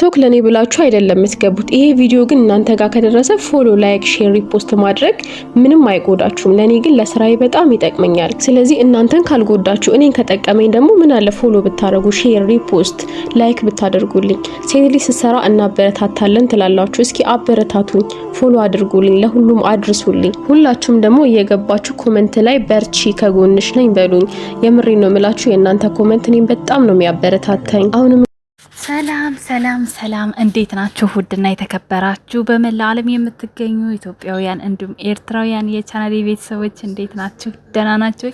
ቲክቶክ ለእኔ ብላችሁ አይደለም የምትገቡት። ይሄ ቪዲዮ ግን እናንተ ጋር ከደረሰ ፎሎ፣ ላይክ፣ ሼር፣ ሪፖስት ማድረግ ምንም አይጎዳችሁም። ለእኔ ግን ለስራዬ በጣም ይጠቅመኛል። ስለዚህ እናንተን ካልጎዳችሁ እኔን ከጠቀመኝ ደግሞ ምን አለ ፎሎ ብታደረጉ፣ ሼር፣ ሪፖስት፣ ላይክ ብታደርጉልኝ። ሴት ልጅ ስትሰራ እናበረታታለን ትላላችሁ። እስኪ አበረታቱኝ፣ ፎሎ አድርጉልኝ፣ ለሁሉም አድርሱልኝ። ሁላችሁም ደግሞ እየገባችሁ ኮመንት ላይ በርቺ፣ ከጎንሽ ነኝ በሉኝ። የምሬ ነው ምላችሁ። የእናንተ ኮመንት እኔም በጣም ነው የሚያበረታታኝ። አሁንም ሰላም ሰላም ሰላም፣ እንዴት ናችሁ? ውድና የተከበራችሁ በመላ ዓለም የምትገኙ ኢትዮጵያውያን እንዲሁም ኤርትራውያን የቻናሌ ቤተሰቦች እንዴት ናችሁ? ደህና ናቸው?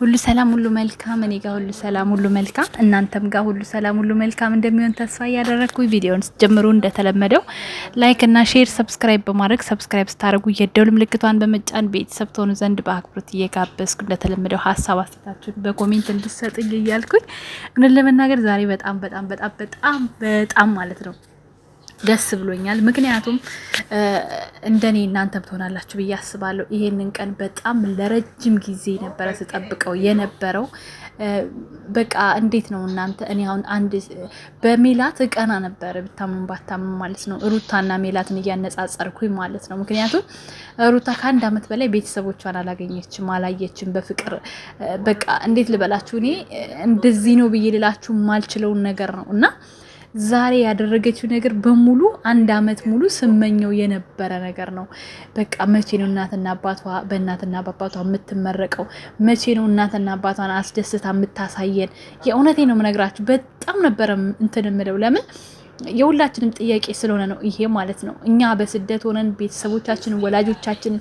ሁሉ ሰላም፣ ሁሉ መልካም። እኔ ጋር ሁሉ ሰላም፣ ሁሉ መልካም። እናንተም ጋር ሁሉ ሰላም፣ ሁሉ መልካም እንደሚሆን ተስፋ እያደረግኩ ቪዲዮን ጀምሩ። እንደተለመደው ላይክ እና ሼር፣ ሰብስክራይብ በማድረግ ሰብስክራይብ ስታደርጉ የደውል ምልክቷን በመጫን ቤተሰብ ትሆኑ ዘንድ በአክብሮት እየጋበዝኩ እንደተለመደው ሀሳብ አስተታችሁን በኮሜንት እንድሰጥ እያልኩኝ እውነት ለመናገር ዛሬ በጣም በጣም በጣም በጣም በጣም በጣም ማለት ነው ደስ ብሎኛል። ምክንያቱም እንደኔ እናንተም ትሆናላችሁ ብዬ አስባለሁ። ይሄንን ቀን በጣም ለረጅም ጊዜ ነበረ ስጠብቀው የነበረው። በቃ እንዴት ነው እናንተ? እኔ አሁን አንድ በሜላት እቀና ነበረ ብታምኑም ባታምኑም ማለት ነው። ሩታና ሜላትን እያነጻጸርኩኝ ማለት ነው። ምክንያቱም ሩታ ከአንድ አመት በላይ ቤተሰቦቿን አላገኘችም፣ አላየችም። በፍቅር በቃ እንዴት ልበላችሁ እኔ እንደዚህ ነው ብዬ ልላችሁ ማልችለውን ነገር ነው እና ዛሬ ያደረገችው ነገር በሙሉ አንድ አመት ሙሉ ስመኘው የነበረ ነገር ነው። በቃ መቼ ነው እናትና አባቷ በእናትና በአባቷ የምትመረቀው? መቼ ነው እናትና አባቷን አስደስታ የምታሳየን? የእውነቴ ነው የምነግራችሁ። በጣም ነበረ እንትን የምለው ለምን የሁላችንም ጥያቄ ስለሆነ ነው ይሄ ማለት ነው። እኛ በስደት ሆነን ቤተሰቦቻችንን፣ ወላጆቻችንን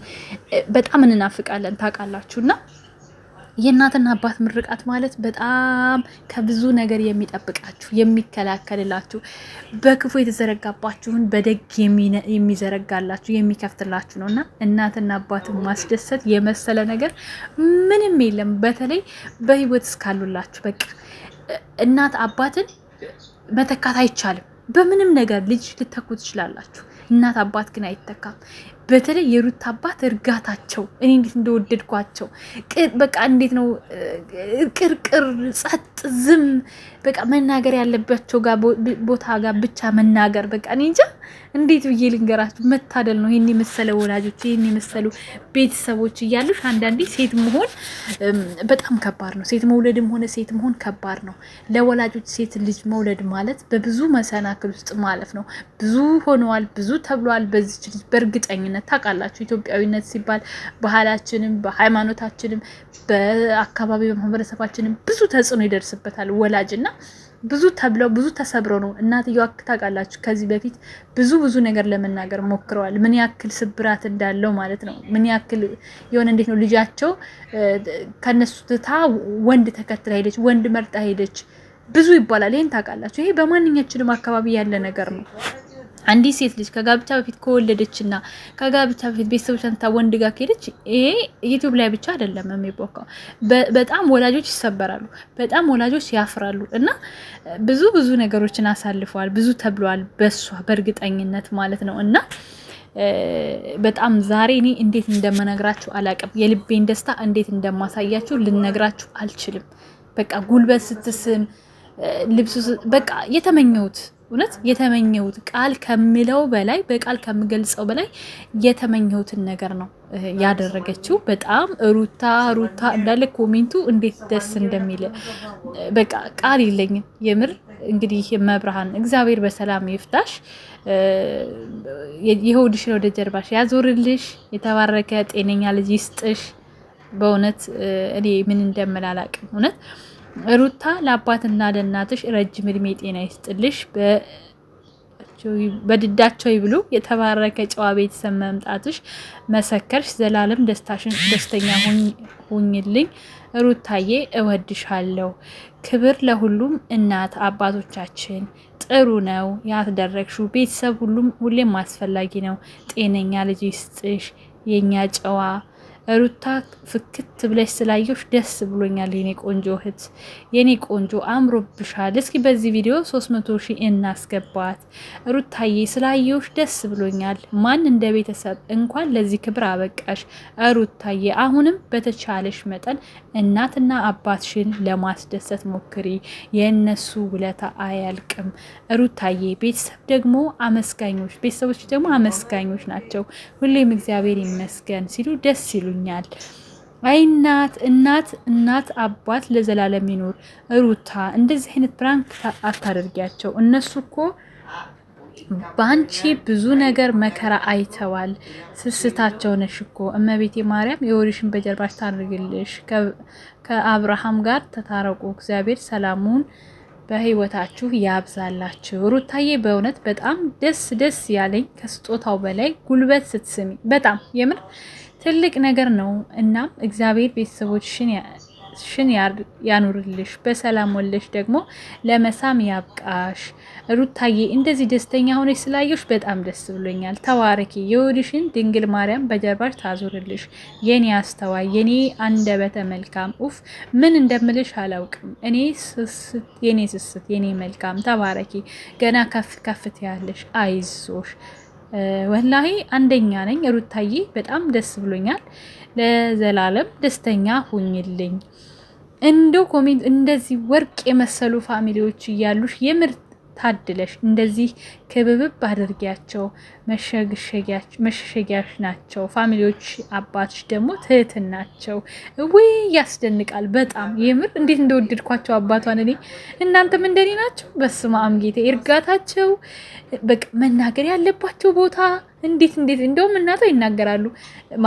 በጣም እንናፍቃለን ታውቃላችሁና የእናትና አባት ምርቃት ማለት በጣም ከብዙ ነገር የሚጠብቃችሁ የሚከላከልላችሁ፣ በክፉ የተዘረጋባችሁን በደግ የሚዘረጋላችሁ የሚከፍትላችሁ ነው እና እናትና አባትን ማስደሰት የመሰለ ነገር ምንም የለም። በተለይ በህይወት እስካሉላችሁ በቃ እናት አባትን መተካት አይቻልም። በምንም ነገር ልጅ ልተኩ ትችላላችሁ። እናት አባት ግን አይተካም። በተለይ የሩት አባት እርጋታቸው እኔ እንዴት እንደወደድኳቸው በቃ እንዴት ነው ቅርቅር፣ ጸጥ፣ ዝም በቃ መናገር ያለባቸው ቦታ ጋር ብቻ መናገር በቃ እኔ እንጃ እንዴት ብዬ ልንገራችሁ። መታደል ነው ይህን የመሰለ ወላጆች፣ ይህን የመሰሉ ቤተሰቦች እያሉሽ አንዳንዴ ሴት መሆን በጣም ከባድ ነው። ሴት መውለድም ሆነ ሴት መሆን ከባድ ነው። ለወላጆች ሴት ልጅ መውለድ ማለት በብዙ መሰናክል ውስጥ ማለፍ ነው። ብዙ ሆነዋል፣ ብዙ ተብለዋል። በዚች ልጅ በእርግጠኝነት ታውቃላችሁ። ኢትዮጵያዊነት ሲባል ባህላችንም በሃይማኖታችንም በአካባቢ በማህበረሰባችንም ብዙ ተጽዕኖ ይደርስበታል ወላጅ እና ብዙ ተብለው ብዙ ተሰብረው ነው እናትየዋ ታውቃላችሁ። ከዚህ በፊት ብዙ ብዙ ነገር ለመናገር ሞክረዋል። ምን ያክል ስብራት እንዳለው ማለት ነው። ምን ያክል የሆነ እንዴት ነው ልጃቸው ከነሱ ትታ ወንድ ተከትላ ሄደች፣ ወንድ መርጣ ሄደች ብዙ ይባላል። ይህን ታውቃላችሁ። ይሄ በማንኛችንም አካባቢ ያለ ነገር ነው። አንዲት ሴት ልጅ ከጋብቻ በፊት ከወለደችና ከጋብቻ በፊት ቤተሰቦቿን ታ ወንድ ጋር ከሄደች ይሄ ዩቱብ ላይ ብቻ አይደለም የሚቦካው። በጣም ወላጆች ይሰበራሉ፣ በጣም ወላጆች ያፍራሉ። እና ብዙ ብዙ ነገሮችን አሳልፈዋል፣ ብዙ ተብለዋል በሷ በእርግጠኝነት ማለት ነው እና በጣም ዛሬ እኔ እንዴት እንደምነግራችሁ አላቅም። የልቤን ደስታ እንዴት እንደማሳያችሁ ልነግራችሁ አልችልም። በቃ ጉልበት ስትስም ልብሱ በቃ የተመኘሁት እውነት የተመኘሁት ቃል ከምለው በላይ በቃል ከምገልጸው በላይ የተመኘሁትን ነገር ነው ያደረገችው። በጣም ሩታ ሩታ እንዳለ ኮሜንቱ እንዴት ደስ እንደሚል በቃ ቃል የለኝም የምር። እንግዲህ መብርሃን እግዚአብሔር በሰላም ይፍታሽ፣ የሆድሽን ወደ ጀርባሽ ያዞርልሽ፣ የተባረከ ጤነኛ ልጅ ይስጥሽ። በእውነት እኔ ምን እንደምላላቅም እውነት ሩታ ለአባትና ለእናትሽ ረጅም እድሜ ጤና ይስጥልሽ፣ በድዳቸው ይብሉ። የተባረከ ጨዋ ቤተሰብ መምጣትሽ መሰከርሽ። ዘላለም ደስታሽን ደስተኛ ሁኝልኝ ሩታዬ፣ እወድሻለሁ። ክብር ለሁሉም እናት አባቶቻችን። ጥሩ ነው ያስደረግሹ። ቤተሰብ ሁሉም ሁሌም አስፈላጊ ነው። ጤነኛ ልጅ ይስጥሽ የእኛ ጨዋ ሩታ ፍክት ብለሽ ስላየሽ ደስ ብሎኛል። የኔ ቆንጆ እህት፣ የኔ ቆንጆ አምሮብሻል። እስኪ በዚህ ቪዲዮ 300 ሺህ እናስገባት። ሩታዬ ስላየሽ ደስ ብሎኛል። ማን እንደ ቤተሰብ እንኳን ለዚህ ክብር አበቃሽ ሩታዬ። አሁንም በተቻለሽ መጠን እናትና አባትሽን ለማስደሰት ሞክሪ። የእነሱ ውለታ አያልቅም ሩታዬ። ቤተሰብ ደግሞ አመስጋኞች፣ ቤተሰቦች ደግሞ አመስጋኞች ናቸው። ሁሌም እግዚአብሔር ይመስገን ሲሉ ደስ ይሉ ይሉኛል። አይ እናት እናት እናት አባት ለዘላለም ይኑር። ሩታ እንደዚህ አይነት ፕራንክ አታደርጊያቸው። እነሱ እኮ በአንቺ ብዙ ነገር መከራ አይተዋል። ስስታቸው ነሽ እኮ እመቤቴ ማርያም የወሪሽን በጀርባሽ ታድርግልሽ። ከአብርሃም ጋር ተታረቁ። እግዚአብሔር ሰላሙን በህይወታችሁ ያብዛላችሁ። ሩታዬ በእውነት በጣም ደስ ደስ ያለኝ ከስጦታው በላይ ጉልበት ስትስሚ በጣም የምር ትልቅ ነገር ነው። እናም እግዚአብሔር ቤተሰቦችሽን ሽን ያኑርልሽ፣ በሰላም ወለሽ ደግሞ ለመሳም ያብቃሽ። ሩታዬ እንደዚህ ደስተኛ ሆነች ስላየሽ በጣም ደስ ብሎኛል። ተባረኪ፣ የወድሽን ድንግል ማርያም በጀርባሽ ታዙርልሽ። የኔ አስተዋይ፣ የኔ አንደበተ መልካም፣ ኡፍ ምን እንደምልሽ አላውቅም። እኔ ስስት፣ የኔ ስስት፣ የኔ መልካም፣ ተባረኪ፣ ገና ከፍ ከፍ ትያለሽ። አይዞሽ ወላሂ አንደኛ ነኝ ሩታዬ፣ በጣም ደስ ብሎኛል። ለዘላለም ደስተኛ ሁኝልኝ። እንደው ኮሜንት እንደዚህ ወርቅ የመሰሉ ፋሚሊዎች እያሉሽ የምር ታድለሽ እንደዚህ ክብብብ አድርጊያቸው። መሸሸጊያሽ ናቸው። ፋሚሊዎች አባትሽ ደግሞ ትህትን ናቸው። ውይ ያስደንቃል በጣም የምር እንዴት እንደወደድኳቸው አባቷን። እኔ እናንተም እንደኔ ናቸው። በስመ አብ ጌታ እርጋታቸው፣ በቃ መናገር ያለባቸው ቦታ እንዴት እንዴት እንደውም እናቷ ይናገራሉ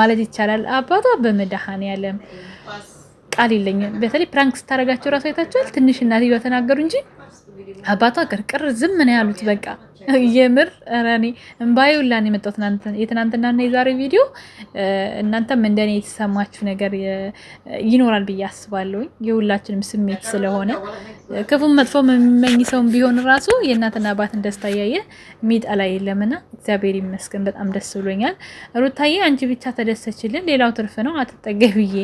ማለት ይቻላል። አባቷ በመድኃኔዓለም ቃል የለኝም። በተለይ ፕራንክ ስታደርጋቸው እራሱ አይታችኋል። ትንሽ እናትዮዋ ተናገሩ እንጂ አባቷ ቅርቅር ዝም ነው ያሉት። በቃ የምር ረኔ እምባዬ ሁላ የትናንትናና የዛሬ ቪዲዮ እናንተም እንደኔ የተሰማችሁ ነገር ይኖራል ብዬ አስባለሁኝ። የሁላችንም ስሜት ስለሆነ ክፉም መጥፎ የሚመኝ ሰውም ቢሆን ራሱ የእናትና አባትን ደስታ እያየ የሚጠላ የለምና እግዚአብሔር ይመስገን። በጣም ደስ ብሎኛል። ሩታዬ አንቺ ብቻ ተደሰችልን፣ ሌላው ትርፍ ነው። አትጠገብዬ ብዬ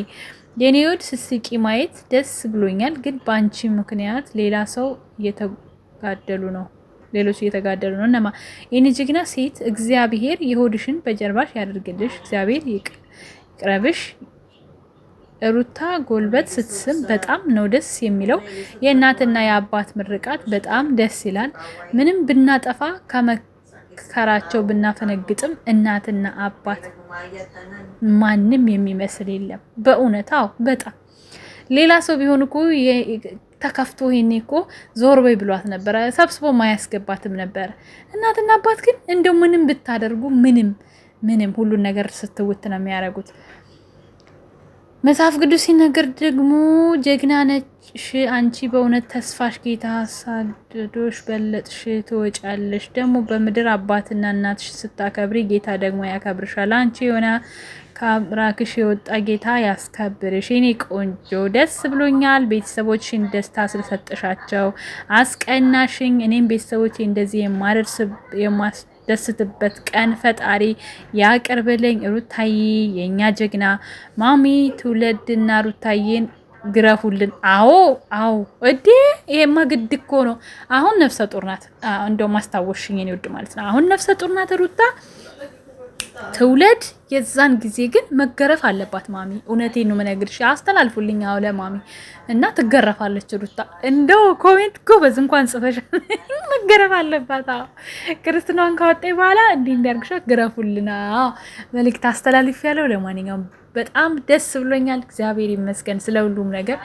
የኔ ውድ ስስቂ ማየት ደስ ብሎኛል፣ ግን በአንቺ ምክንያት ሌላ ሰው እየተጋደሉ ነው ሌሎች እየተጋደሉ ነው። እነማ የኔ ጀግና ሴት እግዚአብሔር የሆድሽን በጀርባሽ ያደርግልሽ፣ እግዚአብሔር ይቅረብሽ። ሩታ ጎልበት ስትስም በጣም ነው ደስ የሚለው። የእናትና የአባት ምርቃት በጣም ደስ ይላል። ምንም ብናጠፋ ከራቸው ብናፈነግጥም እናትና አባት ማንም የሚመስል የለም። በእውነት አዎ፣ በጣም ሌላ ሰው ቢሆን እኮ ተከፍቶ ይሄኔ እኮ ዞር በይ ብሏት ነበረ፣ ሰብስቦ ማያስገባትም ነበረ። እናትና አባት ግን እንደው ምንም ብታደርጉ ምንም ምንም ሁሉን ነገር ስትውት ነው የሚያደርጉት። መጽሐፍ ቅዱስ ሲነገር ደግሞ ጀግና ነሽ አንቺ በእውነት ተስፋሽ ጌታ አሳድዶሽ በለጥሽ ትወጫለሽ። ደግሞ በምድር አባትና እናትሽ ስታከብሪ ጌታ ደግሞ ያከብርሻል። አንቺ የሆነ ከአምራክሽ የወጣ ጌታ ያስከብርሽ። ኔ ቆንጆ ደስ ብሎኛል፣ ቤተሰቦችሽን ደስታ ስለሰጠሻቸው አስቀናሽኝ። እኔም ቤተሰቦች እንደዚህ የማደርስ የማስ ደስትበት ቀን ፈጣሪ ያቅርብልኝ። ሩታዬ የእኛ ጀግና ማሚ ትውለድና ሩታዬን ግረፉልን። አዎ አዎ፣ እዴ ይሄማ ግድ እኮ ነው። አሁን ነፍሰ ጡር ናት። እንደው ማስታወሽኝ ውድ ማለት ነው። አሁን ነፍሰ ጡር ናት ሩታ ትውለድ የዛን ጊዜ ግን መገረፍ አለባት ማሚ። እውነቴን ነው የምነግርሽ። አስተላልፉልኝ አውለ ማሚ እና ትገረፋለች ሩታ። እንደው ኮሜንት ጎበዝ እንኳን ጽፈሻል። መገረፍ አለባት። ክርስትናን ካወጣ በኋላ እንዲህ እንዲያርግሻ ግረፉልና መልእክት አስተላልፍ ያለው ለማንኛውም በጣም ደስ ብሎኛል። እግዚአብሔር ይመስገን ስለ ሁሉም ነገር።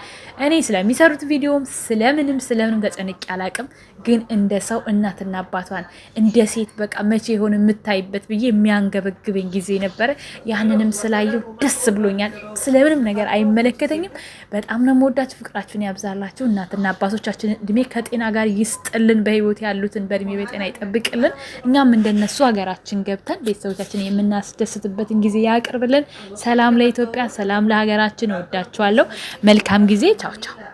እኔ ስለሚሰሩት ቪዲዮም ስለምንም ስለምንም ተጨንቄ አላቅም፣ ግን እንደ ሰው እናትና አባቷን እንደ ሴት በቃ መቼ የሆነ የምታይበት ብዬ የሚያንገበግበኝ ጊዜ ነበረ። ያንንም ስላየሁ ደስ ብሎኛል። ስለምንም ነገር አይመለከተኝም። በጣም ነው መወዳችሁ። ፍቅራችሁን ያብዛላችሁ። እናትና አባቶቻችን እድሜ ከጤና ጋር ይስጥልን። በህይወት ያሉትን በእድሜ በጤና ይጠብቅልን። እኛም እንደነሱ ሀገራችን ገብተን ቤተሰቦቻችን የምናስደስትበትን ጊዜ ያቅርብልን። ሰላም ለኢትዮጵያ፣ ሰላም ለሀገራችን። እወዳችኋለሁ። መልካም ጊዜ። ቻው ቻው